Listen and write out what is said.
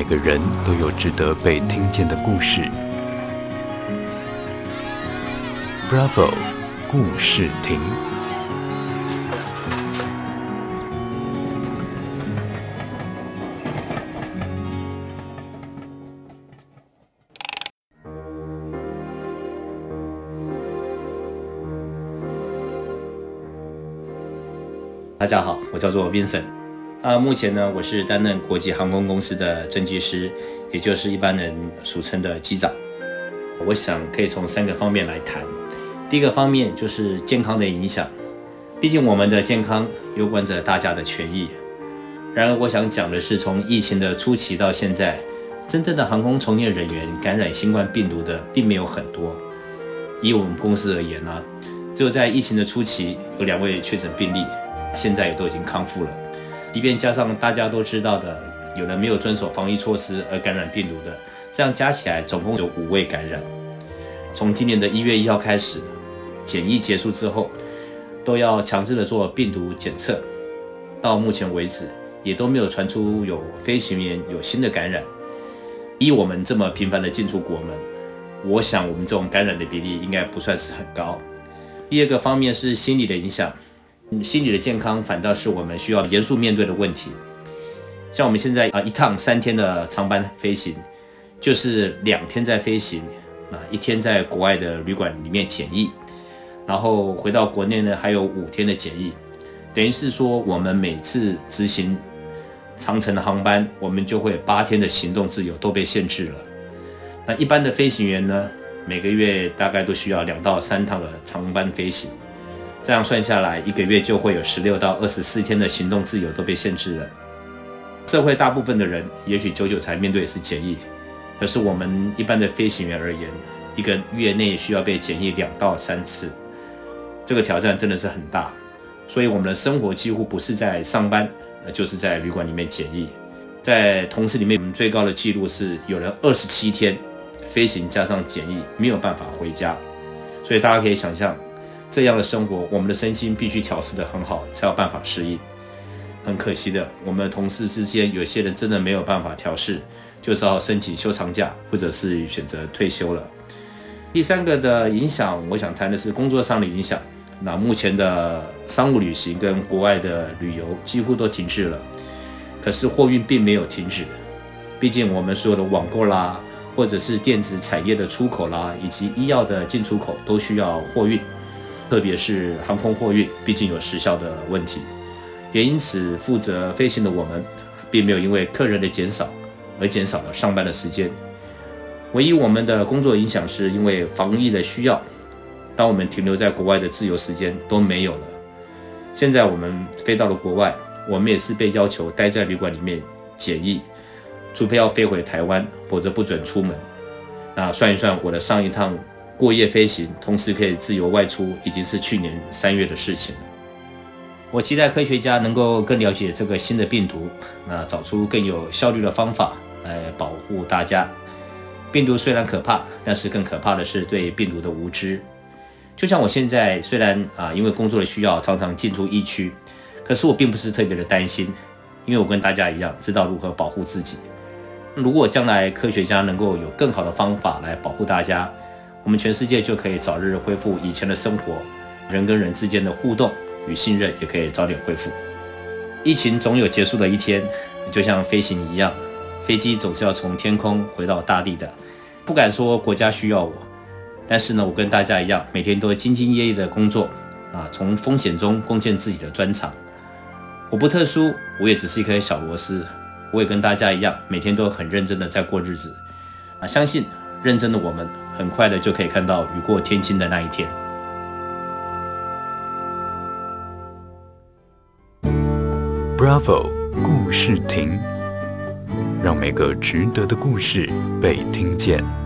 每個人都有值得被聽見的故事。Bravo，故事亭。大家好，我叫做 Vincent。啊，目前呢，我是擔任國際航空公司的正機師，也就是一般人俗稱的機長。我想可以從三個方面來談。第一個方面就是健康的影響，畢竟我們的健康攸關着大家的權益。然而，我想講的是，從疫情的初期到現在，真正的航空從業人員感染新冠病毒的並沒有很多。以我們公司而言呢、啊，只有在疫情的初期有兩位確診病例，現在也都已經康復了。即便加上大家都知道的有人沒有遵守防疫措施而感染病毒的，這樣加起來總共有五位感染。從今年的一月一號開始，檢疫結束之後，都要強制的做病毒檢測。到目前為止，也都沒有傳出有飛行員有新的感染。依我們這麼頻繁的進出國門，我想我們這種感染的比例應該不算是很高。第二個方面是心理的影響。心理的健康反倒是我們需要嚴肅面對的問題。像我們現在啊，一趟三天的長班飛行，就是兩天在飛行，啊一天在國外的旅館裡面檢疫，然後回到國內呢，還有五天的檢疫。等於是說，我們每次執行長程的航班，我們就會八天的行動自由都被限制了。那一般的飛行員呢，每個月大概都需要兩到三趟的長班飛行。這樣算下來，一個月就會有十六到二十四天的行動自由都被限制了。社會大部分的人，也許久久才面對是檢疫，可是我們一般的飛行員而言，一個月內需要被檢疫兩到三次，這個挑戰真的是很大。所以我們的生活幾乎不是在上班，而就是在旅館裡面檢疫。在同事裡面，我們最高的記錄是有人二十七天飛行加上檢疫，沒有辦法回家。所以大家可以想象。這樣的生活，我們的身心必須調適得很好，才有辦法適應。很可惜的，我們同事之間有些人真的沒有辦法調適，就是要申請休長假，或者是選擇退休了。第三個的影響，我想談的是工作上的影響。那目前的商務旅行跟國外的旅遊幾乎都停滯了，可是貨運並沒有停止，畢竟我們所有的網購啦，或者是電子產業的出口啦，以及醫藥的進出口都需要貨運。特別是航空貨運，畢竟有時效的問題，也因此負責飛行的我們，並沒有因為客人的減少而減少了上班的時間。唯一我們的工作影響，是因為防疫的需要，當我們停留在國外的自由時間都沒有了。現在我們飛到了國外，我們也是被要求待在旅館裡面檢疫，除非要飛回台灣，否則不准出門。那算一算我的上一趟。過夜飛行，同時可以自由外出，已經是去年三月的事情了。我期待科學家能夠更了解這個新的病毒，那、啊、找出更有效率的方法來保護大家。病毒雖然可怕，但是更可怕的是對病毒的無知。就像我現在，雖然啊因為工作的需要常常進出疫區，可是我並不是特別的擔心，因為我跟大家一樣知道如何保護自己。如果將來科學家能夠有更好的方法來保護大家。我們全世界就可以早日恢復以前的生活，人跟人之間的互動與信任也可以早點恢復。疫情總有結束的一天，就像飛行一樣，飛機總是要從天空回到大地的。不敢說國家需要我，但是呢，我跟大家一樣，每天都會兢兢業業的工作啊，從風險中貢獻自己的專長。我不特殊，我也只是一顆小螺絲，我也跟大家一樣，每天都很認真的在過日子啊，相信。認真的我們，很快的就可以看到雨過天晴的那一天。Bravo，故事亭。讓每個值得的故事被聽見。